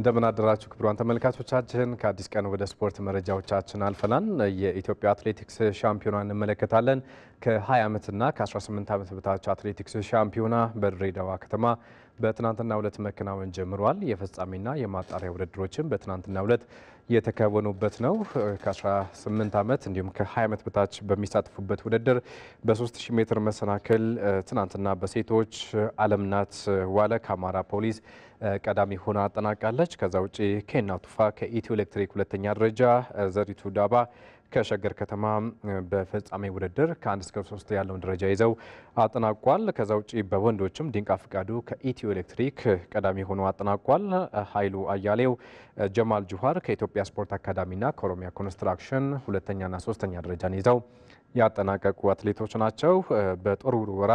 እንደምን አደራችሁ ክቡራን ተመልካቾቻችን። ከአዲስ ቀን ወደ ስፖርት መረጃዎቻችን አልፈናል። የኢትዮጵያ አትሌቲክስ ሻምፒዮና እንመለከታለን። ከ20 ዓመትና ከ18 ዓመት በታች አትሌቲክስ ሻምፒዮና በድሬዳዋ ከተማ በትናንትና ሁለት መከናወን ጀምሯል የፍጻሜና የማጣሪያ ውድድሮችን በትናንትና ሁለት የተከወኑበት ነው። ከ18 ዓመት እንዲሁም ከ20 ዓመት በታች በሚሳተፉበት ውድድር በ3000 ሜትር መሰናክል ትናንትና በሴቶች አለምናት ዋለ ከአማራ ፖሊስ ቀዳሚ ሆና አጠናቃለች። ከዛ ውጪ ኬና ቱፋ ከኢትዮ ኤሌክትሪክ ሁለተኛ ደረጃ፣ ዘሪቱ ዳባ ከሸገር ከተማ በፍጻሜ ውድድር ከአንድ እስከ ሶስት ያለውን ደረጃ ይዘው አጠናቋል። ከዛ ውጭ በወንዶችም ዲንቃ ፍቃዱ ከኢትዮ ኤሌክትሪክ ቀዳሚ ሆኖ አጠናቋል። ኃይሉ አያሌው፣ ጀማል ጁሃር ከኢትዮጵያ ስፖርት አካዳሚና ከኦሮሚያ ኮንስትራክሽን ሁለተኛና ሶስተኛ ደረጃን ይዘው ያጠናቀቁ አትሌቶች ናቸው። በጦር ውርወራ፣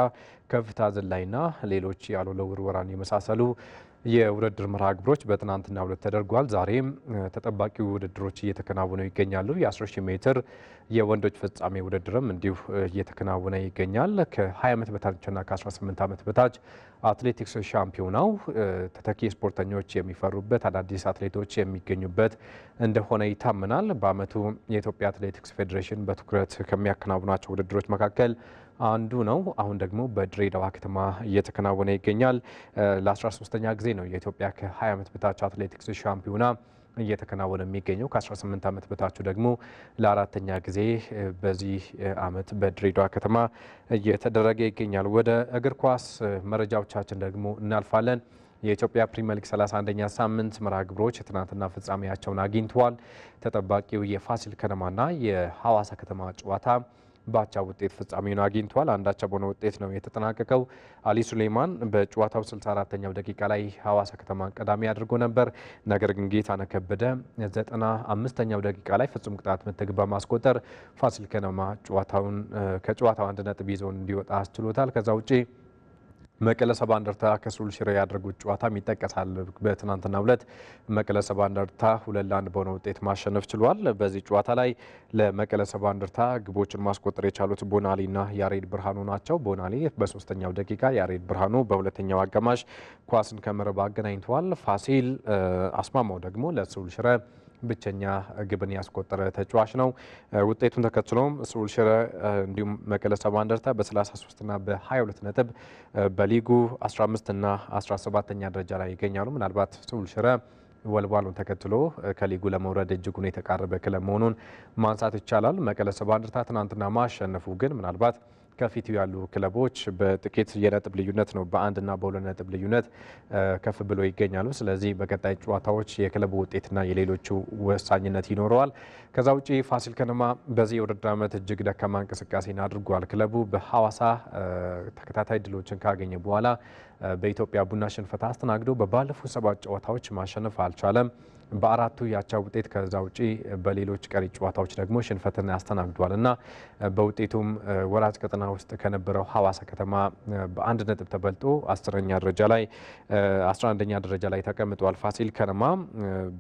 ከፍታ ዝላይና ሌሎች ያሉ ለውርወራን የመሳሰሉ የውድድር መርሃ ግብሮች በትናንትና ዕለት ተደርጓል። ዛሬም ተጠባቂ ውድድሮች እየተከናወኑ ይገኛሉ። የ10 ሺህ ሜትር የወንዶች ፍጻሜ ውድድርም እንዲሁ እየተከናወነ ይገኛል። ከ20 ዓመት በታችና ከ18 ዓመት በታች አትሌቲክስ ሻምፒዮናው ተተኪ ስፖርተኞች የሚፈሩበት አዳዲስ አትሌቶች የሚገኙበት እንደሆነ ይታመናል። በአመቱ የኢትዮጵያ አትሌቲክስ ፌዴሬሽን በትኩረት ከሚያከናውናቸው ውድድሮች መካከል አንዱ ነው። አሁን ደግሞ በድሬዳዋ ከተማ እየተከናወነ ይገኛል። ለ13ኛ ጊዜ ነው የኢትዮጵያ ከ20 ዓመት በታች አትሌቲክስ ሻምፒዮና እየተከናወነ የሚገኘው ከ18 ዓመት በታችሁ ደግሞ ለአራተኛ ጊዜ በዚህ ዓመት በድሬዳዋ ከተማ እየተደረገ ይገኛል። ወደ እግር ኳስ መረጃዎቻችን ደግሞ እናልፋለን። የኢትዮጵያ ፕሪምየር ሊግ 31ኛ ሳምንት መርሃ ግብሮች ትናንትና ፍጻሜያቸውን አግኝተዋል። ተጠባቂው የፋሲል ከነማና የሐዋሳ ከተማ ጨዋታ በአቻ ውጤት ፍጻሜውን አግኝቷል። አንዳቻ በሆነ ውጤት ነው የተጠናቀቀው። አሊ ሱሌማን በጨዋታው 64ኛው ደቂቃ ላይ ሐዋሳ ከተማን ቀዳሚ አድርጎ ነበር። ነገር ግን ጌታነህ ከበደ 95ኛው ደቂቃ ላይ ፍጹም ቅጣት ምት በማስቆጠር ፋሲል ከነማ ጨዋታውን ከጨዋታው አንድ ነጥብ ይዞ እንዲወጣ አስችሎታል። ከዛ ውጪ መቀለ ሰባ እንደርታ ከስሉል ሽረ ያደረጉት ጨዋታም ይጠቀሳል። በትናንትና ሁለት መቀለ ሰባ እንደርታ ሁለት ለአንድ በሆነ ውጤት ማሸነፍ ችሏል። በዚህ ጨዋታ ላይ ለመቀለ ሰባ እንደርታ ግቦችን ማስቆጠር የቻሉት ቦናሊና ያሬድ ብርሃኑ ናቸው። ቦናሊ በሶስተኛው ደቂቃ፣ ያሬድ ብርሃኑ በሁለተኛው አጋማሽ ኳስን ከመረብ አገናኝተዋል። ፋሲል አስማማው ደግሞ ለስሉል ሽረ ብቸኛ ግብን ያስቆጠረ ተጫዋች ነው። ውጤቱን ተከትሎም ስሩል ሽረ እንዲሁም መቀለ ሰባ እንደርታ በ33 እና በ22 ነጥብ በሊጉ 15 እና 17ኛ ደረጃ ላይ ይገኛሉ። ምናልባት ስሩል ሽረ ወልዋሉን ተከትሎ ከሊጉ ለመውረድ እጅጉን የተቃረበ ክለብ መሆኑን ማንሳት ይቻላል። መቀለ ሰባ እንደርታ ትናንትና ማሸነፉ ግን ምናልባት ከፊቱ ያሉ ክለቦች በጥቂት የነጥብ ልዩነት ነው፣ በአንድና በሁለት ነጥብ ልዩነት ከፍ ብሎ ይገኛሉ። ስለዚህ በቀጣይ ጨዋታዎች የክለቡ ውጤትና የሌሎቹ ወሳኝነት ይኖረዋል። ከዛ ውጪ ፋሲል ከነማ በዚህ የውድድር ዓመት እጅግ ደካማ እንቅስቃሴን አድርጓል። ክለቡ በሐዋሳ ተከታታይ ድሎችን ካገኘ በኋላ በኢትዮጵያ ቡና ሽንፈት አስተናግዶ በባለፉት ሰባት ጨዋታዎች ማሸነፍ አልቻለም። በአራቱ ያቻ ውጤት ከዛ ውጪ በሌሎች ቀሪ ጨዋታዎች ደግሞ ሽንፈትን ያስተናግዷል እና በውጤቱም ወራጅ ቀጠና ውስጥ ከነበረው ሀዋሳ ከተማ በአንድ ነጥብ ተበልጦ አስረኛ ደረጃ ላይ አስራ አንደኛ ደረጃ ላይ ተቀምጧል። ፋሲል ከነማ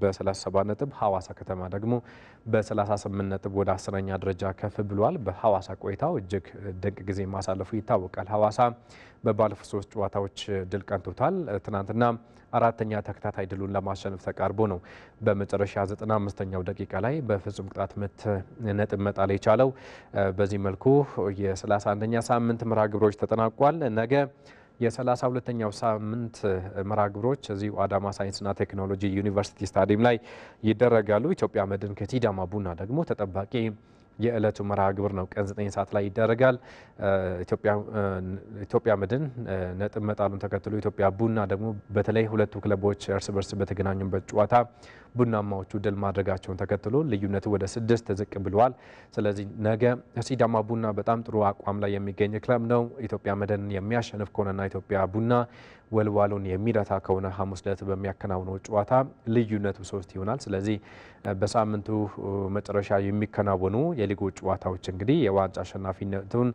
በ37 ነጥብ፣ ሀዋሳ ከተማ ደግሞ በ38 ነጥብ ወደ አስረኛ ደረጃ ከፍ ብሏል። በሀዋሳ ቆይታው እጅግ ድንቅ ጊዜ ማሳለፉ ይታወቃል። ሀዋሳ በባለፉት ሶስት ጨዋታዎች ድል ቀንቶታል። ትናንትና አራተኛ ተከታታይ ድሉን ለማሸነፍ ተቃርቦ ነው። በመጨረሻ 95ኛው ደቂቃ ላይ በፍጹም ቅጣት ምት ነጥብ መጣል የቻለው። በዚህ መልኩ የ31ኛ ሳምንት መርሃ ግብሮች ተጠናቋል። ነገ የ32ኛው ሳምንት መርሃ ግብሮች እዚሁ አዳማ ሳይንስና ቴክኖሎጂ ዩኒቨርሲቲ ስታዲየም ላይ ይደረጋሉ። ኢትዮጵያ መድን ከሲዳማ ቡና ደግሞ ተጠባቂ የዕለቱ መርሃ ግብር ነው። ቀን 9 ሰዓት ላይ ይደረጋል። ኢትዮጵያ መድን ነጥብ መጣሉን ተከትሎ ኢትዮጵያ ቡና ደግሞ በተለይ ሁለቱ ክለቦች እርስ በርስ በተገናኙበት ጨዋታ ቡናማዎቹ ድል ማድረጋቸውን ተከትሎ ልዩነቱ ወደ ስድስት ዝቅ ብለዋል። ስለዚህ ነገ ሲዳማ ቡና በጣም ጥሩ አቋም ላይ የሚገኝ ክለብ ነው። ኢትዮጵያ መድንን የሚያሸንፍ ከሆነና ኢትዮጵያ ቡና ወልዋሎን የሚረታ ከሆነ ሐሙስ ዕለት በሚያከናውነው ጨዋታ ልዩነቱ ሶስት ይሆናል። ስለዚህ በሳምንቱ መጨረሻ የሚከናወኑ የሊጎ ጨዋታዎች እንግዲህ የዋንጫ አሸናፊነቱን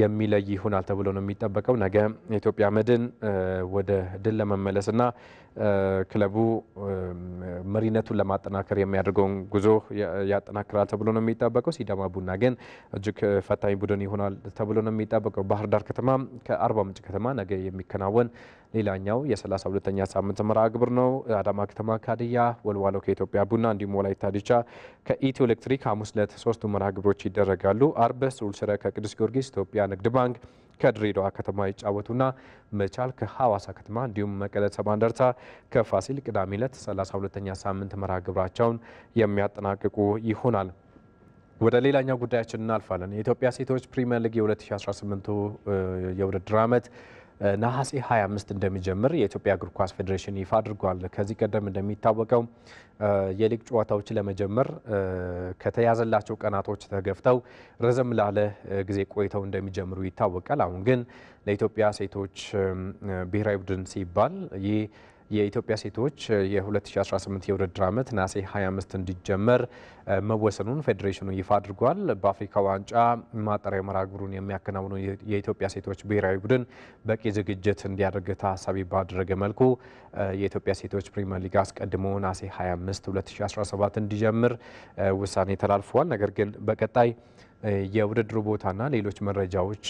የሚለይ ይሆናል ተብሎ ነው የሚጠበቀው። ነገ የኢትዮጵያ መድን ወደ ድል ለመመለስና ክለቡ መሪነቱን ለማጠናከር የሚያደርገውን ጉዞ ያጠናክራል ተብሎ ነው የሚጠበቀው። ሲዳማ ቡና ግን እጅግ ፈታኝ ቡድን ይሆናል ተብሎ ነው የሚጠበቀው። ባህር ዳር ከተማ ከአርባ ምንጭ ከተማ ነገ የሚከናወን ሌላኛው የ 32 ሳምንት መርሃ ግብር ነው። አዳማ ከተማ ካድያ ወልዋሎ ከኢትዮጵያ ቡና እንዲሁም ወላይታ ዲቻ ከኢትዮ ኤሌክትሪክ ሐሙስ ዕለት ሶስቱ መርሃ ግብሮች ይደረጋሉ። አርብ ስሁል ሽረ ከቅዱስ ጊዮርጊስ፣ ኢትዮጵያ ንግድ ባንክ ከድሬዳዋ ከተማ ይጫወቱና መቻል ከሐዋሳ ከተማ እንዲሁም መቀለ ሰባ እንደርታ ከፋሲል ቅዳሜ ዕለት 32 ሳምንት መርሃ ግብራቸውን የሚያጠናቅቁ ይሆናል። ወደ ሌላኛው ጉዳያችን እናልፋለን። የኢትዮጵያ ሴቶች ፕሪሚየር ሊግ የ2018 የውድድር ዓመት ነሐሴ 25 እንደሚጀምር የኢትዮጵያ እግር ኳስ ፌዴሬሽን ይፋ አድርጓል። ከዚህ ቀደም እንደሚታወቀው የሊግ ጨዋታዎች ለመጀመር ከተያዘላቸው ቀናቶች ተገፍተው ረዘም ላለ ጊዜ ቆይተው እንደሚጀምሩ ይታወቃል። አሁን ግን ለኢትዮጵያ ሴቶች ብሔራዊ ቡድን ሲባል ይህ የኢትዮጵያ ሴቶች የ2018 የውድድር ዓመት ናሴ 25 እንዲጀመር መወሰኑን ፌዴሬሽኑ ይፋ አድርጓል። በአፍሪካ ዋንጫ ማጣሪያ መርሃ ግብሩን የሚያከናውኑ የኢትዮጵያ ሴቶች ብሔራዊ ቡድን በቂ ዝግጅት እንዲያደርግ ታሳቢ ባደረገ መልኩ የኢትዮጵያ ሴቶች ፕሪምየር ሊግ አስቀድሞ ናሴ 25 2017 እንዲጀምር ውሳኔ ተላልፏል። ነገር ግን በቀጣይ የውድድሩ ቦታና ሌሎች መረጃዎች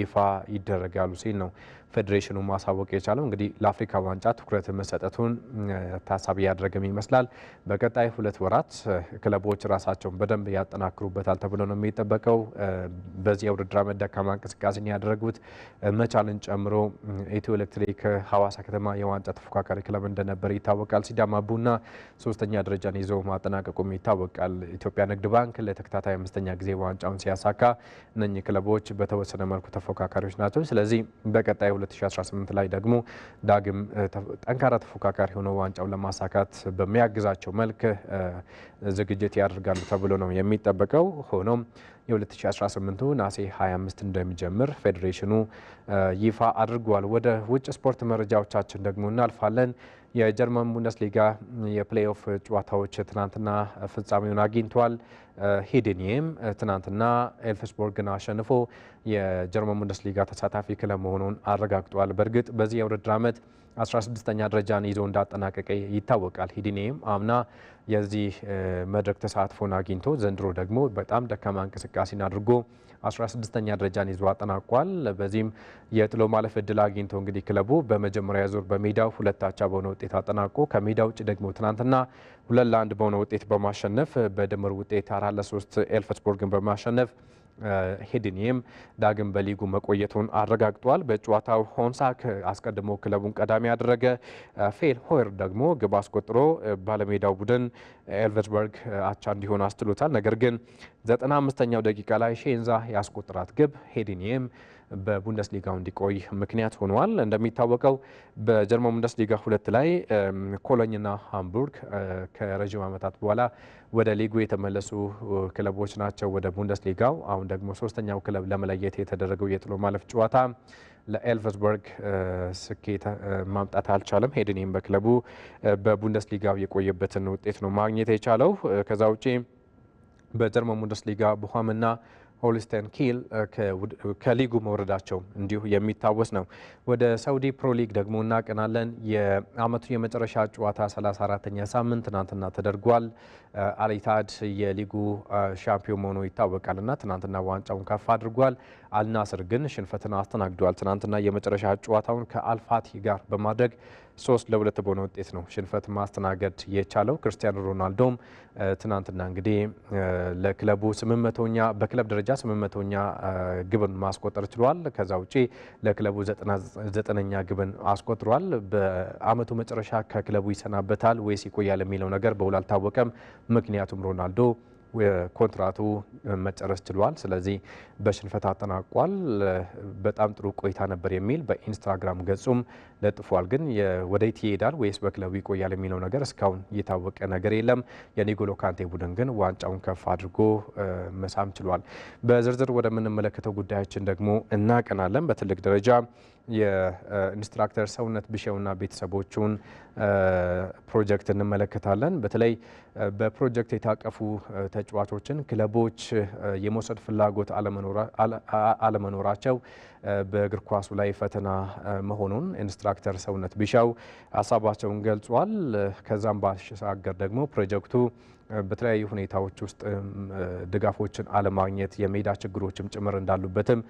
ይፋ ይደረጋሉ ሲል ነው ፌዴሬሽኑ ማሳወቅ የቻለው እንግዲህ ለአፍሪካ ዋንጫ ትኩረት መሰጠቱን ታሳቢ ያደረገም ይመስላል። በቀጣይ ሁለት ወራት ክለቦች ራሳቸውን በደንብ ያጠናክሩበታል ተብሎ ነው የሚጠበቀው። በዚህ የውድድር ዓመት ደካማ እንቅስቃሴን ያደረጉት መቻልን ጨምሮ ኢትዮ ኤሌክትሪክ ሀዋሳ ከተማ የዋንጫ ተፎካካሪ ክለብ እንደነበር ይታወቃል። ሲዳማ ቡና ሶስተኛ ደረጃን ይዞ ማጠናቀቁም ይታወቃል። ኢትዮጵያ ንግድ ባንክ ለተከታታይ አምስተኛ ጊዜ ዋንጫውን ሲያሳካ እነኚህ ክለቦች በተወሰነ መልኩ ተፎካካሪዎች ናቸው። ስለዚህ በቀጣይ 2018 ላይ ደግሞ ዳግም ጠንካራ ተፎካካሪ ሆነው ዋንጫውን ለማሳካት በሚያግዛቸው መልክ ዝግጅት ያደርጋሉ ተብሎ ነው የሚጠበቀው። ሆኖም የ2018 ናሴ 25 እንደሚጀምር ፌዴሬሽኑ ይፋ አድርጓል። ወደ ውጭ ስፖርት መረጃዎቻችን ደግሞ እናልፋለን። የጀርመን ቡንደስሊጋ የፕሌይኦፍ ጨዋታዎች ትናንትና ፍጻሜውን አግኝተዋል ሂድኒየም ትናንትና ኤልፍስቦርግን አሸንፎ የጀርመን ቡንደስሊጋ ተሳታፊ ክለብ መሆኑን አረጋግጧል። በእርግጥ በዚህ የውድድር ዓመት 16ኛ ደረጃን ይዞ እንዳጠናቀቀ ይታወቃል። ሂድኒየም አምና የዚህ መድረክ ተሳትፎን አግኝቶ ዘንድሮ ደግሞ በጣም ደካማ እንቅስቃሴን አድርጎ 16ኛ ደረጃን ይዞ አጠናቋል። በዚህም የጥሎ ማለፍ እድል አግኝቶ እንግዲህ ክለቡ በመጀመሪያ ዙር በሜዳው ሁለት አቻ በሆነ ውጤት አጠናቆ ከሜዳ ውጭ ደግሞ ትናንትና ሁለት ለአንድ በሆነ ውጤት በማሸነፍ በድምር ውጤት አራት ለሶስት ኤልፈስቦርግን በማሸነፍ ሄድኒየም ዳግም በሊጉ መቆየቱን አረጋግጧል። በጨዋታው ሆንሳክ አስቀድሞ ክለቡን ቀዳሚ ያደረገ፣ ፌል ሆየር ደግሞ ግብ አስቆጥሮ ባለሜዳው ቡድን ኤልቨርስበርግ አቻ እንዲሆን አስችሎታል። ነገር ግን 95ኛው ደቂቃ ላይ ሼንዛ ያስቆጥራት ግብ ሄድኒየም በቡንደስሊጋው እንዲቆይ ምክንያት ሆኗል። እንደሚታወቀው በጀርመን ቡንደስሊጋ ሁለት ላይ ኮሎኝና ሃምቡርግ ከረዥም ዓመታት በኋላ ወደ ሊጉ የተመለሱ ክለቦች ናቸው። ወደ ቡንደስሊጋው አሁን ደግሞ ሶስተኛው ክለብ ለመለየት የተደረገው የጥሎ ማለፍ ጨዋታ ለኤልቨስበርግ ስኬት ማምጣት አልቻለም። ሄድኔም በክለቡ በቡንደስሊጋው የቆየበትን ውጤት ነው ማግኘት የቻለው። ከዛ ውጪ በጀርመን ቡንደስሊጋ ቦሃምና ሆልስተን ኪል ከሊጉ መውረዳቸው እንዲሁ የሚታወስ ነው። ወደ ሳውዲ ፕሮ ሊግ ደግሞ እናቀናለን። የአመቱ የመጨረሻ ጨዋታ 34 ተኛ ሳምንት ትናንትና ተደርጓል። አልኢታድ የሊጉ ሻምፒዮን መሆኑ እና ትናንትና ዋንጫውን ከፍ አድርጓል። አልናስር ግን ሽንፈትን አስተናግዷል። ትናንትና የመጨረሻ ጨዋታውን ከአልፋቲ ጋር በማድረግ ሶስት ለሁለት በሆነ ውጤት ነው ሽንፈት ማስተናገድ የቻለው። ክርስቲያኖ ሮናልዶም ትናንትና እንግዲህ ለክለቡ ስምንት መቶኛ በክለብ ደረጃ ስምንት መቶኛ ግብን ማስቆጠር ችሏል። ከዛ ውጪ ለክለቡ ዘጠነኛ ግብን አስቆጥሯል። በአመቱ መጨረሻ ከክለቡ ይሰናበታል ወይስ ይቆያል የሚለው ነገር በውል አልታወቀም። ምክንያቱም ሮናልዶ ኮንትራቱ መጨረስ ችሏል። ስለዚህ በሽንፈት አጠናቋል። በጣም ጥሩ ቆይታ ነበር የሚል በኢንስታግራም ገጹም ለጥፏል። ግን ወደ ይሄዳል ወይስ በክለቡ ይቆያል የሚለው ነገር እስካሁን የታወቀ ነገር የለም። የኒጎሎ ካንቴ ቡድን ግን ዋንጫውን ከፍ አድርጎ መሳም ችሏል። በዝርዝር ወደምንመለከተው ጉዳያችን ደግሞ እናቀናለን። በትልቅ ደረጃ የኢንስትራክተር ሰውነት ብሼውና ቤተሰቦቹን ፕሮጀክት እንመለከታለን። በተለይ በፕሮጀክት የታቀፉ ተጫዋቾችን ክለቦች የመውሰድ ፍላጎት አለመኖር አለመኖራቸው በእግር ኳሱ ላይ ፈተና መሆኑን ኢንስትራክተር ሰውነት ቢሻው ሀሳባቸውን ገልጿል። ከዛም ባሻገር ደግሞ ፕሮጀክቱ በተለያዩ ሁኔታዎች ውስጥ ድጋፎችን አለማግኘት የሜዳ ችግሮችም ጭምር እንዳሉበትም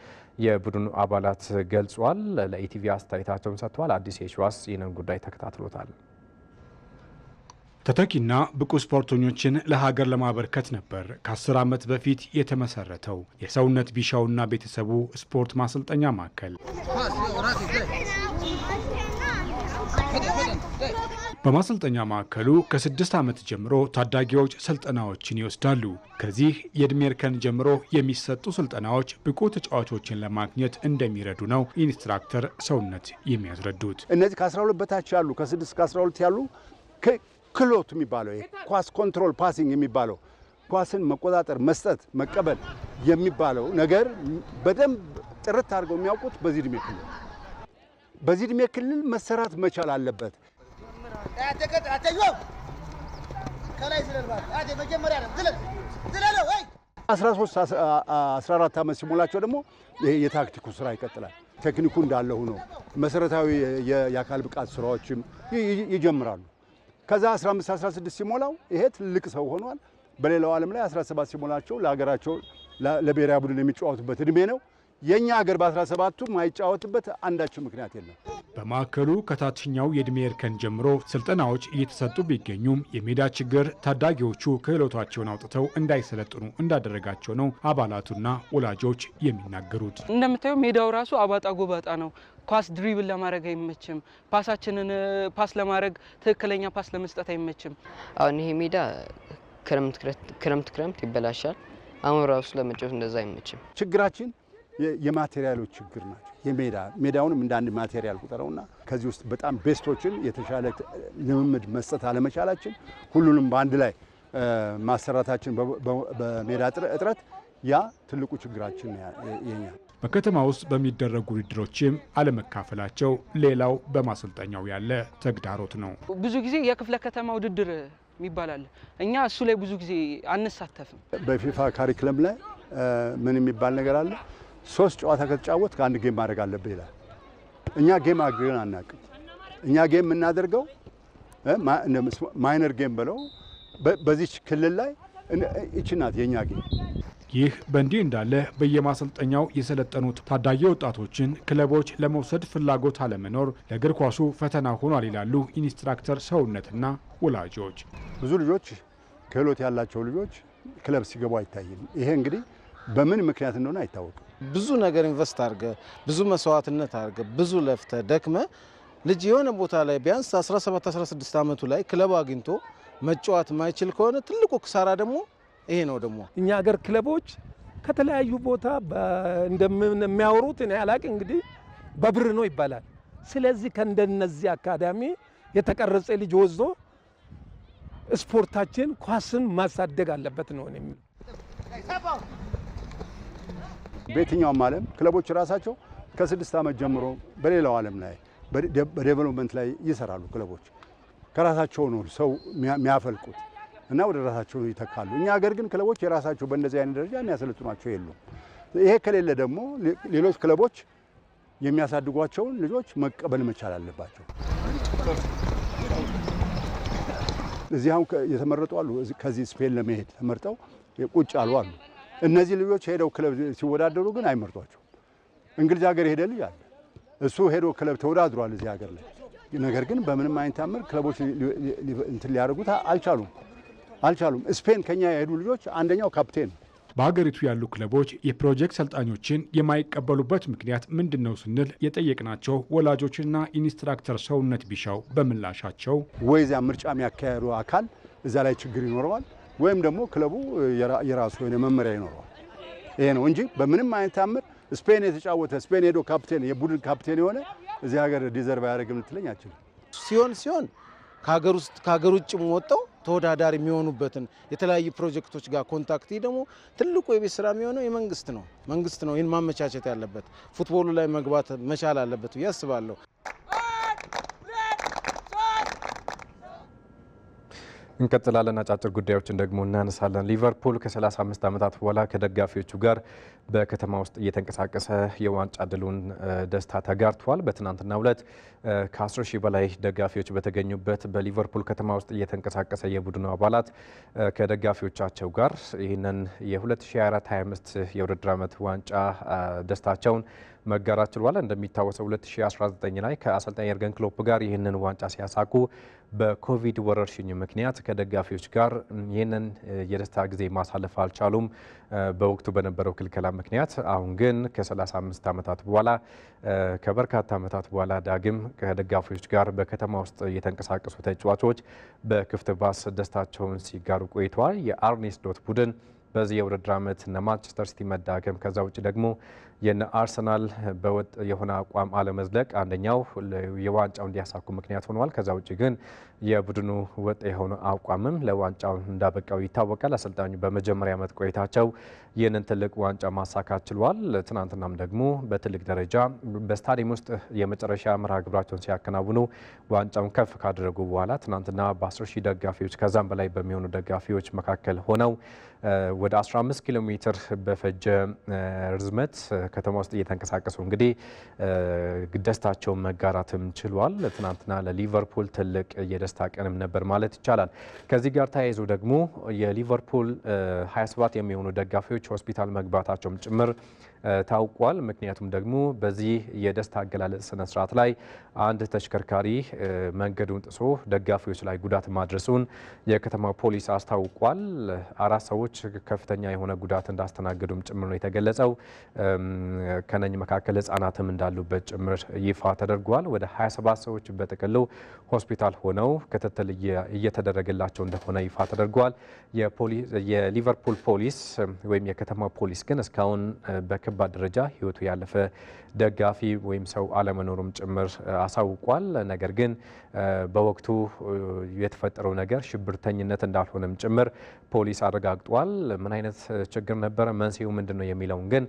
የቡድኑ አባላት ገልጿል። ለኢቲቪ አስተያየታቸውን ሰጥተዋል። አዲስ የሸዋስ ይህንን ጉዳይ ተከታትሎታል። ተተኪና ብቁ ስፖርተኞችን ለሀገር ለማበርከት ነበር ከአስር ዓመት በፊት የተመሰረተው የሰውነት ቢሻውና ቤተሰቡ ስፖርት ማሰልጠኛ ማዕከል። በማሰልጠኛ ማዕከሉ ከስድስት ዓመት ጀምሮ ታዳጊዎች ስልጠናዎችን ይወስዳሉ። ከዚህ የእድሜ እርከን ጀምሮ የሚሰጡ ስልጠናዎች ብቁ ተጫዋቾችን ለማግኘት እንደሚረዱ ነው ኢንስትራክተር ሰውነት የሚያስረዱት። እነዚህ ከ12 በታች ያሉ ከ6 ከ 12 ያሉ ክሎት የሚባለው ኳስ ኮንትሮል ፓሲንግ የሚባለው ኳስን መቆጣጠር፣ መስጠት፣ መቀበል የሚባለው ነገር በደንብ ጥርት አድርገው የሚያውቁት በዚህ እድሜ ክልል በዚህ እድሜ ክልል መሰራት መቻል አለበት። አስራ ሦስት አስራ አራት ዓመት ሲሞላቸው ደግሞ የታክቲኩ ስራ ይቀጥላል። ቴክኒኩ እንዳለ ሆኖ መሰረታዊ የአካል ብቃት ስራዎችም ይጀምራሉ። ከዛ 15 16 ሲሞላው ይሄ ትልቅ ሰው ሆኗል። በሌላው ዓለም ላይ 17 ሲሞላቸው ለሀገራቸው ለብሔራዊ ቡድን የሚጫወቱበት እድሜ ነው። የእኛ ሀገር በ17ቱ ማይጫወትበት አንዳችው ምክንያት የለም። በማዕከሉ ከታችኛው የእድሜ እርከን ጀምሮ ስልጠናዎች እየተሰጡ ቢገኙም የሜዳ ችግር ታዳጊዎቹ ክህሎታቸውን አውጥተው እንዳይሰለጥኑ እንዳደረጋቸው ነው አባላቱና ወላጆች የሚናገሩት። እንደምታየው ሜዳው ራሱ አባጣ ጎባጣ ነው። ኳስ ድሪብል ለማድረግ አይመችም። ፓሳችንን ፓስ ለማድረግ ትክክለኛ ፓስ ለመስጠት አይመችም። አሁን ይሄ ሜዳ ክረምት ክረምት ይበላሻል። አሁን ራሱ ለመጫወት እንደዛ አይመችም። ችግራችን የማቴሪያሎች ችግር ናቸው። የሜዳ ሜዳውንም እንደ አንድ ማቴሪያል ቁጠረውና ከዚህ ውስጥ በጣም ቤስቶችን የተሻለ ልምምድ መስጠት አለመቻላችን፣ ሁሉንም በአንድ ላይ ማሰራታችን በሜዳ እጥረት ያ ትልቁ ችግራችን የኛ በከተማ ውስጥ በሚደረጉ ውድድሮችም አለመካፈላቸው ሌላው በማሰልጠኛው ያለ ተግዳሮት ነው። ብዙ ጊዜ የክፍለ ከተማ ውድድር ይባላል። እኛ እሱ ላይ ብዙ ጊዜ አንሳተፍም። በፊፋ ካሪክለም ላይ ምን የሚባል ነገር አለ ሶስት ጨዋታ ከተጫወት ከአንድ ጌም ማድረግ አለብህ ይላል። እኛ ጌም አግሪን አናቅም። እኛ ጌም የምናደርገው ማይነር ጌም ብለው በዚች ክልል ላይ ይቺ ናት የእኛ ጌም። ይህ በእንዲህ እንዳለ በየማሰልጠኛው የሰለጠኑት ታዳጊ ወጣቶችን ክለቦች ለመውሰድ ፍላጎት አለመኖር ለእግር ኳሱ ፈተና ሆኗል ይላሉ ኢንስትራክተር ሰውነትና ወላጆች። ብዙ ልጆች ክህሎት ያላቸው ልጆች ክለብ ሲገቡ አይታይም። ይሄ እንግዲህ በምን ምክንያት እንደሆነ አይታወቅም። ብዙ ነገር ኢንቨስት አድርገ ብዙ መስዋዕትነት አድርገ ብዙ ለፍተ ደክመ ልጅ የሆነ ቦታ ላይ ቢያንስ 17 16 ዓመቱ ላይ ክለብ አግኝቶ መጫወት ማይችል ከሆነ ትልቁ ክሳራ ደግሞ ይሄ ነው። ደግሞ እኛ ሀገር ክለቦች ከተለያዩ ቦታ እንደሚያወሩት እኔ አላቅ እንግዲህ በብር ነው ይባላል። ስለዚህ ከእንደነዚህ አካዳሚ የተቀረጸ ልጅ ወዞ ስፖርታችን ኳስን ማሳደግ አለበት ነው የሚለው በየትኛውም ዓለም ክለቦች ራሳቸው ከስድስት ዓመት ጀምሮ በሌላው ዓለም ላይ በዴቨሎፕመንት ላይ ይሰራሉ። ክለቦች ከራሳቸው ነው ሰው የሚያፈልቁት እና ወደ ራሳቸው ይተካሉ። እኛ ሀገር ግን ክለቦች የራሳቸው በእንደዚህ አይነት ደረጃ የሚያሰለጥኗቸው የሉም። ይሄ ከሌለ ደግሞ ሌሎች ክለቦች የሚያሳድጓቸውን ልጆች መቀበል መቻል አለባቸው። እዚህ አሁን የተመረጡ አሉ። ከዚህ ስፔን ለመሄድ ተመርጠው ቁጭ አሉ አሉ እነዚህ ልጆች ሄደው ክለብ ሲወዳደሩ ግን አይመርጧቸውም። እንግሊዝ ሀገር የሄደ ልጅ አለ። እሱ ሄዶ ክለብ ተወዳድሯል እዚህ ሀገር ላይ። ነገር ግን በምንም አይነት ታምር ክለቦች እንትን ሊያደርጉት አልቻሉም አልቻሉም። ስፔን ከኛ የሄዱ ልጆች አንደኛው ካፕቴን በሀገሪቱ ያሉ ክለቦች የፕሮጀክት ሰልጣኞችን የማይቀበሉበት ምክንያት ምንድን ነው ስንል የጠየቅናቸው ወላጆችና ኢንስትራክተር ሰውነት ቢሻው በምላሻቸው ወይ እዚያ ምርጫ የሚያካሄዱ አካል እዛ ላይ ችግር ይኖረዋል ወይም ደግሞ ክለቡ የራሱ የሆነ መመሪያ ይኖረዋል። ይሄ ነው እንጂ በምንም አይነት ታምር ስፔን የተጫወተ ስፔን ሄዶ ካፕቴን የቡድን ካፕቴን የሆነ እዚህ ሀገር ዲዘርቭ አያደርግም ልትለኝ አችልም። ሲሆን ሲሆን ከሀገር ውስጥ ከሀገር ውጭ ወጥተው ተወዳዳሪ የሚሆኑበትን የተለያዩ ፕሮጀክቶች ጋር ኮንታክት ደግሞ ትልቁ የቤት ስራ የሚሆነው የመንግስት ነው። መንግስት ነው ይህን ማመቻቸት ያለበት ፉትቦሉ ላይ መግባት መቻል አለበት ብዬ አስባለሁ። እንቀጥላለን። አጫጭር ጉዳዮችን ደግሞ እናነሳለን። ሊቨርፑል ከ35 ዓመታት በኋላ ከደጋፊዎቹ ጋር በከተማ ውስጥ እየተንቀሳቀሰ የዋንጫ ድሉን ደስታ ተጋርቷል። በትናንትናው ዕለት ከ10 ሺህ በላይ ደጋፊዎች በተገኙበት በሊቨርፑል ከተማ ውስጥ እየተንቀሳቀሰ የቡድኑ አባላት ከደጋፊዎቻቸው ጋር ይህንን የ2024/25 የውድድር ዓመት ዋንጫ ደስታቸውን መጋራት ችሏል። እንደሚታወሰው 2019 ላይ ከአሰልጣኝ የርገን ክሎፕ ጋር ይህንን ዋንጫ ሲያሳኩ በኮቪድ ወረርሽኝ ምክንያት ከደጋፊዎች ጋር ይህንን የደስታ ጊዜ ማሳለፍ አልቻሉም፣ በወቅቱ በነበረው ክልከላ ምክንያት። አሁን ግን ከ35 ዓመታት በኋላ ከበርካታ ዓመታት በኋላ ዳግም ከደጋፊዎች ጋር በከተማ ውስጥ የተንቀሳቀሱ ተጫዋቾች በክፍት ባስ ደስታቸውን ሲጋሩ ቆይተዋል። የአርኔስ ዶት ቡድን በዚህ የውድድር ዓመት እነ ማንቸስተር ሲቲ መዳከም ከዛ ውጭ ደግሞ የነ አርሰናል በወጥ የሆነ አቋም አለመዝለቅ አንደኛው የዋንጫው እንዲያሳኩ ምክንያት ሆኗል። ከዛ ውጭ ግን የቡድኑ ወጥ የሆነ አቋምም ለዋንጫው እንዳበቃው ይታወቃል። አሰልጣኙ በመጀመሪያ ዓመት ቆይታቸው ይህንን ትልቅ ዋንጫ ማሳካት ችሏል። ትናንትናም ደግሞ በትልቅ ደረጃ በስታዲየም ውስጥ የመጨረሻ መርሃ ግብራቸውን ሲያከናውኑ ዋንጫውን ከፍ ካደረጉ በኋላ ትናንትና በ10 ሺህ ደጋፊዎች ከዛም በላይ በሚሆኑ ደጋፊዎች መካከል ሆነው ወደ 15 ኪሎ ሜትር በፈጀ ርዝመት ከተማ ውስጥ እየተንቀሳቀሱ እንግዲህ ደስታቸውን መጋራትም ችሏል። ትናንትና ለሊቨርፑል ትልቅ የደስታ ቀንም ነበር ማለት ይቻላል። ከዚህ ጋር ተያይዞ ደግሞ የሊቨርፑል 27 የሚሆኑ ደጋፊዎች ሆስፒታል መግባታቸውም ጭምር ታውቋል። ምክንያቱም ደግሞ በዚህ የደስታ አገላለጽ ስነ ስርዓት ላይ አንድ ተሽከርካሪ መንገዱን ጥሶ ደጋፊዎች ላይ ጉዳት ማድረሱን የከተማ ፖሊስ አስታውቋል። አራት ሰዎች ከፍተኛ የሆነ ጉዳት እንዳስተናገዱም ጭምር ነው የተገለጸው። ከነኝ መካከል ህጻናትም እንዳሉበት ጭምር ይፋ ተደርጓል። ወደ 27 ሰዎች በጥቅሉ ሆስፒታል ሆነው ክትትል እየተደረገላቸው እንደሆነ ይፋ ተደርጓል። የሊቨርፑል ፖሊስ ወይም የከተማው ፖሊስ ግን እስካሁን በክ በከባድ ደረጃ ህይወቱ ያለፈ ደጋፊ ወይም ሰው አለመኖሩም ጭምር አሳውቋል። ነገር ግን በወቅቱ የተፈጠረው ነገር ሽብርተኝነት እንዳልሆነም ጭምር ፖሊስ አረጋግጧል። ምን አይነት ችግር ነበረ፣ መንስኤው ምንድን ነው የሚለውን ግን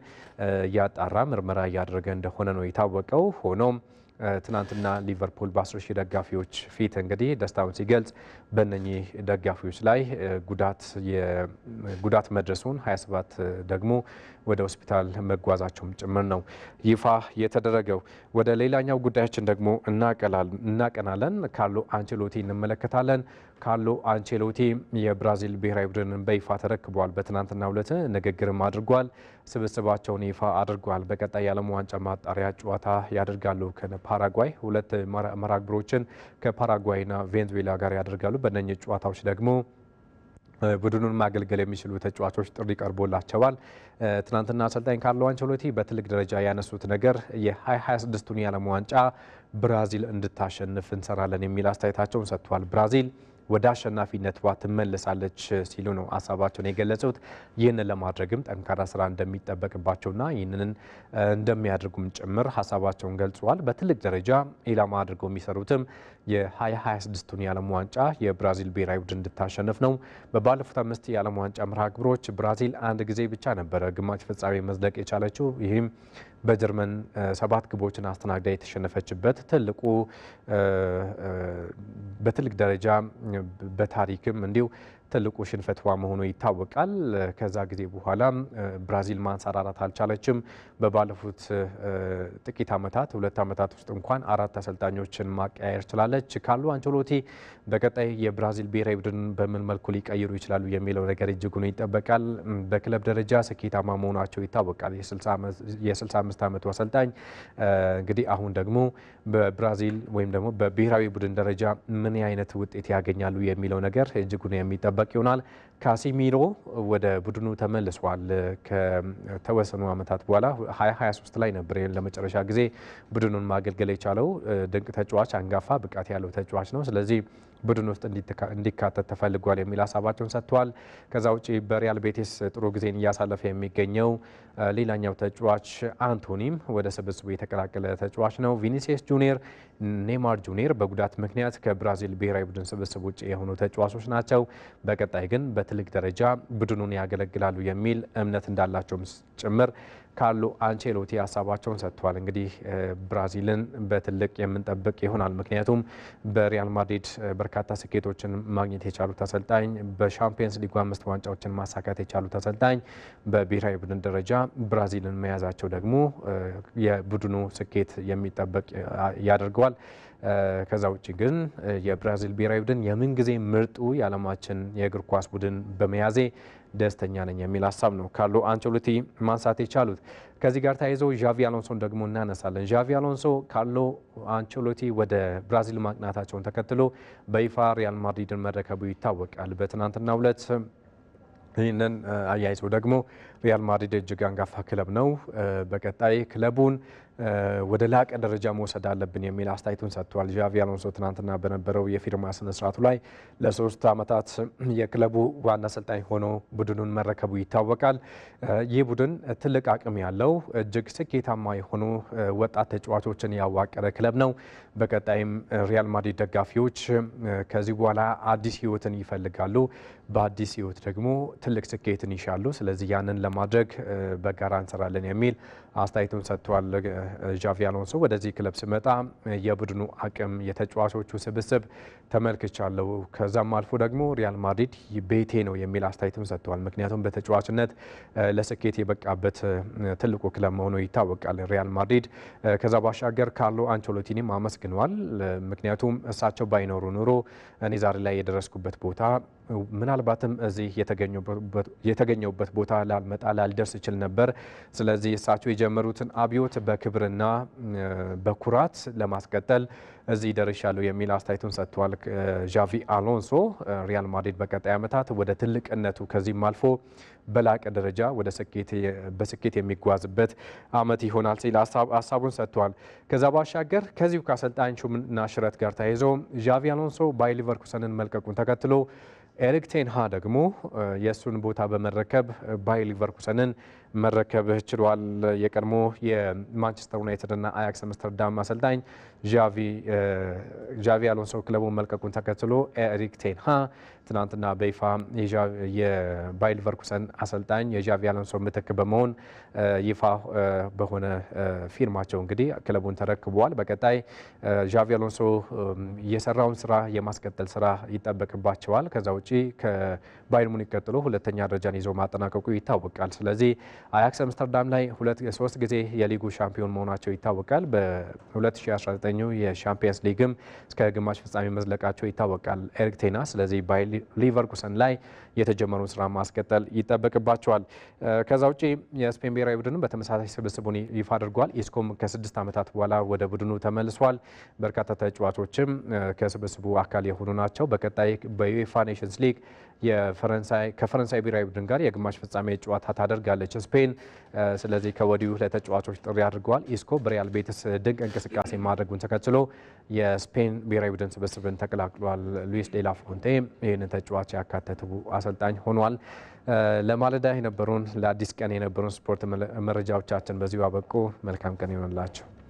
እያጣራ ምርመራ እያደረገ እንደሆነ ነው የታወቀው። ሆኖም ትናንትና ሊቨርፑል በአስር ሺህ ደጋፊዎች ፊት እንግዲህ ደስታውን ሲገልጽ በእነኚህ ደጋፊዎች ላይ ጉዳት መድረሱን 27 ደግሞ ወደ ሆስፒታል መጓዛቸውም ጭምር ነው ይፋ የተደረገው። ወደ ሌላኛው ጉዳያችን ደግሞ እናቀናለን። ካርሎ አንቸሎቲ እንመለከታለን። ካርሎ አንቸሎቲ የብራዚል ብሔራዊ ቡድንን በይፋ ተረክቧል። በትናንትናው ዕለት ንግግርም አድርጓል። ስብስባቸውን ይፋ አድርጓል። በቀጣይ የዓለም ዋንጫ ማጣሪያ ጨዋታ ያደርጋሉ ከፓራጓይ ሁለት መራግብሮችን ግብሮችን ከፓራጓይና ቬንዙዌላ ጋር ያደርጋሉ። በእነኚህ ጨዋታዎች ደግሞ ቡድኑን ማገልገል የሚችሉ ተጫዋቾች ጥሪ ቀርቦላቸዋል። ትናንትና አሰልጣኝ ካርሎ አንቸሎቲ በትልቅ ደረጃ ያነሱት ነገር የ2026ቱን የዓለም ዋንጫ ብራዚል እንድታሸንፍ እንሰራለን የሚል አስተያየታቸውን ሰጥቷል። ብራዚል ወደ አሸናፊነቷ ትመለሳለች ሲሉ ነው ሀሳባቸውን የገለጹት። ይህንን ለማድረግም ጠንካራ ስራ እንደሚጠበቅባቸውና ይህንን እንደሚያደርጉም ጭምር ሀሳባቸውን ገልጸዋል። በትልቅ ደረጃ ኢላማ አድርገው የሚሰሩትም የ2026ቱን የዓለም ዋንጫ የብራዚል ብሔራዊ ቡድን እንድታሸንፍ ነው። በባለፉት አምስት የዓለም ዋንጫ መርሃ ግብሮች ብራዚል አንድ ጊዜ ብቻ ነበረ ግማሽ ፍጻሜ መዝለቅ የቻለችው ይህም በጀርመን ሰባት ግቦችን አስተናግዳ የተሸነፈችበት ትልቁ በትልቅ ደረጃ በታሪክም እንዲሁ ትልቁ ሽንፈትዋ መሆኑ ይታወቃል። ከዛ ጊዜ በኋላ ብራዚል ማንሰራራት አልቻለችም። በባለፉት ጥቂት ዓመታት ሁለት ዓመታት ውስጥ እንኳን አራት አሰልጣኞችን ማቀያየር ችላለች። ካርሎ አንቸሎቲ በቀጣይ የብራዚል ብሔራዊ ቡድን በምን መልኩ ሊቀይሩ ይችላሉ የሚለው ነገር እጅጉን ይጠበቃል። በክለብ ደረጃ ስኬታማ መሆናቸው ይታወቃል። የ65 ዓመቱ አሰልጣኝ እንግዲህ አሁን ደግሞ በብራዚል ወይም ደግሞ በብሔራዊ ቡድን ደረጃ ምን አይነት ውጤት ያገኛሉ የሚለው ነገር እጅጉን የሚጠበቅ የሚጠበቅ ይሆናል። ካሲሚሮ ወደ ቡድኑ ተመልሷል። ከተወሰኑ ዓመታት በኋላ 2023 ላይ ነበር ለመጨረሻ ጊዜ ቡድኑን ማገልገል የቻለው። ድንቅ ተጫዋች፣ አንጋፋ ብቃት ያለው ተጫዋች ነው። ስለዚህ ቡድን ውስጥ እንዲካተት ተፈልጓል የሚል ሀሳባቸውን ሰጥተዋል። ከዛ ውጭ በሪያል ቤቲስ ጥሩ ጊዜን እያሳለፈ የሚገኘው ሌላኛው ተጫዋች አንቶኒም ወደ ስብስቡ የተቀላቀለ ተጫዋች ነው። ቪኒሲየስ ጁኒየር፣ ኔማር ጁኒየር በጉዳት ምክንያት ከብራዚል ብሔራዊ ቡድን ስብስብ ውጭ የሆኑ ተጫዋቾች ናቸው። በቀጣይ ግን በትልቅ ደረጃ ቡድኑን ያገለግላሉ የሚል እምነት እንዳላቸውም ጭምር ካሉ አንቼሎቲ ሀሳባቸውን ሰጥተዋል። እንግዲህ ብራዚልን በትልቅ የምንጠብቅ ይሆናል። ምክንያቱም በሪያል ማድሪድ በርካታ ስኬቶችን ማግኘት የቻሉት አሰልጣኝ፣ በሻምፒየንስ ሊጉ አምስት ዋንጫዎችን ማሳካት የቻሉት አሰልጣኝ በብሔራዊ ቡድን ደረጃ ብራዚልን መያዛቸው ደግሞ የቡድኑ ስኬት የሚጠበቅ ያደርገዋል። ከዛ ውጭ ግን የብራዚል ብሔራዊ ቡድን የምንጊዜ ምርጡ የዓለማችን የእግር ኳስ ቡድን በመያዜ ደስተኛ ነኝ የሚል ሀሳብ ነው ካርሎ አንቸሎቲ ማንሳት የቻሉት። ከዚህ ጋር ተያይዘው ዣቪ አሎንሶን ደግሞ እናነሳለን። ዣቪ አሎንሶ ካርሎ አንቸሎቲ ወደ ብራዚል ማቅናታቸውን ተከትሎ በይፋ ሪያል ማድሪድን መረከቡ ይታወቃል። በትናንትናው ዕለት ይህንን አያይዘው ደግሞ ሪያል ማድሪድ እጅግ አንጋፋ ክለብ ነው። በቀጣይ ክለቡን ወደ ላቀ ደረጃ መውሰድ አለብን የሚል አስተያየቱን ሰጥቷል። ዣቪ አሎንሶ ትናንትና በነበረው የፊርማ ስነስርዓቱ ላይ ለሶስት ዓመታት የክለቡ ዋና አሰልጣኝ ሆኖ ቡድኑን መረከቡ ይታወቃል። ይህ ቡድን ትልቅ አቅም ያለው እጅግ ስኬታማ የሆኑ ወጣት ተጫዋቾችን ያዋቀረ ክለብ ነው። በቀጣይም ሪያል ማድሪድ ደጋፊዎች ከዚህ በኋላ አዲስ ህይወትን ይፈልጋሉ። በአዲስ ህይወት ደግሞ ትልቅ ስኬትን ይሻሉ። ስለዚህ ያንን ለ ለማድረግ በጋራ እንሰራለን የሚል አስተያየቱን ሰጥቷል። ዣቪ አሎንሶ ወደዚህ ክለብ ስመጣ የቡድኑ አቅም፣ የተጫዋቾቹ ስብስብ ተመልክቻለሁ። ከዛም አልፎ ደግሞ ሪያል ማድሪድ ቤቴ ነው የሚል አስተያየቱን ሰጥቷል። ምክንያቱም በተጫዋችነት ለስኬት የበቃበት ትልቁ ክለብ መሆኑ ይታወቃል ሪያል ማድሪድ። ከዛ ባሻገር ካርሎ አንቸሎቲኒም አመስግነዋል። ምክንያቱም እሳቸው ባይኖሩ ኑሮ እኔ ዛሬ ላይ የደረስኩበት ቦታ ምናልባትም እዚህ የተገኘውበት ቦታ ላልመጣ ላልደርስ ይችል ነበር። ስለዚህ እሳቸው የጀመሩትን አብዮት በክብርና በኩራት ለማስቀጠል እዚህ ደርሻለሁ የሚል አስተያየቱን ሰጥቷል። ዣቪ አሎንሶ ሪያል ማድሪድ በቀጣይ ዓመታት ወደ ትልቅነቱ ከዚህም አልፎ በላቀ ደረጃ ወደ በስኬት የሚጓዝበት ዓመት ይሆናል ሲል ሀሳቡን ሰጥቷል። ከዛ ባሻገር ከዚሁ ከአሰልጣኝ ሹምና ሽረት ጋር ተያይዞ ዣቪ አሎንሶ ባየር ሊቨርኩሰንን መልቀቁን ተከትሎ ኤሪክ ቴንሃ ደግሞ የእሱን ቦታ በመረከብ ባየር ሊቨርኩሰንን መረከብ ችሏል። የቀድሞ የማንቸስተር ና አያክስ አምስተርዳም አሰልጣኝ ዣቪ አሎንሶ ክለቡን መልቀቁን ተከትሎ ኤሪክ ቴንሃ ትናንትና በይፋ የባይል ሌቨርኩሰን አሰልጣኝ የዣቪ አለንሶ ምትክ በመሆን ይፋ በሆነ ፊርማቸው እንግዲህ ክለቡን ተረክበዋል። በቀጣይ ዣቪ አለንሶ የሰራውን ስራ የማስቀጠል ስራ ይጠበቅባቸዋል። ከዛ ውጪ ከባይል ሙኒክ ቀጥሎ ሁለተኛ ደረጃን ይዞ ማጠናቀቁ ይታወቃል። ስለዚህ አያክስ አምስተርዳም ላይ ሶስት ጊዜ የሊጉ ሻምፒዮን መሆናቸው ይታወቃል። በ2019 የሻምፒየንስ ሊግም እስከ ግማሽ ፍጻሜ መዝለቃቸው ይታወቃል ኤሪክ ቴና ስለዚህ ባይል ሊቨርኩሰን ላይ የተጀመረውን ስራ ማስቀጠል ይጠበቅባቸዋል። ከዛ ውጭ የስፔን ብሔራዊ ቡድንም በተመሳሳይ ስብስቡን ይፋ አድርጓል። ኢስኮም ከስድስት ዓመታት በኋላ ወደ ቡድኑ ተመልሷል። በርካታ ተጫዋቾችም ከስብስቡ አካል የሆኑ ናቸው። በቀጣይ በዩኤፋ ኔሽንስ ሊግ ከፈረንሳይ ብሔራዊ ቡድን ጋር የግማሽ ፍጻሜ ጨዋታ ታደርጋለች ስፔን። ስለዚህ ከወዲሁ ለተጫዋቾች ጥሪ አድርገዋል። ኢስኮ በሪያል ቤትስ ድንቅ እንቅስቃሴ ማድረጉን ተከትሎ የስፔን ብሔራዊ ቡድን ስብስብን ተቀላቅሏል። ሉዊስ ዴላ ፎንቴ ይህንን ተጫዋች ያካተቱ አሰልጣኝ ሆኗል። ለማለዳ የነበሩን ለአዲስ ቀን የነበሩን ስፖርት መረጃዎቻችን በዚሁ አበቁ። መልካም ቀን ይሆንላቸው።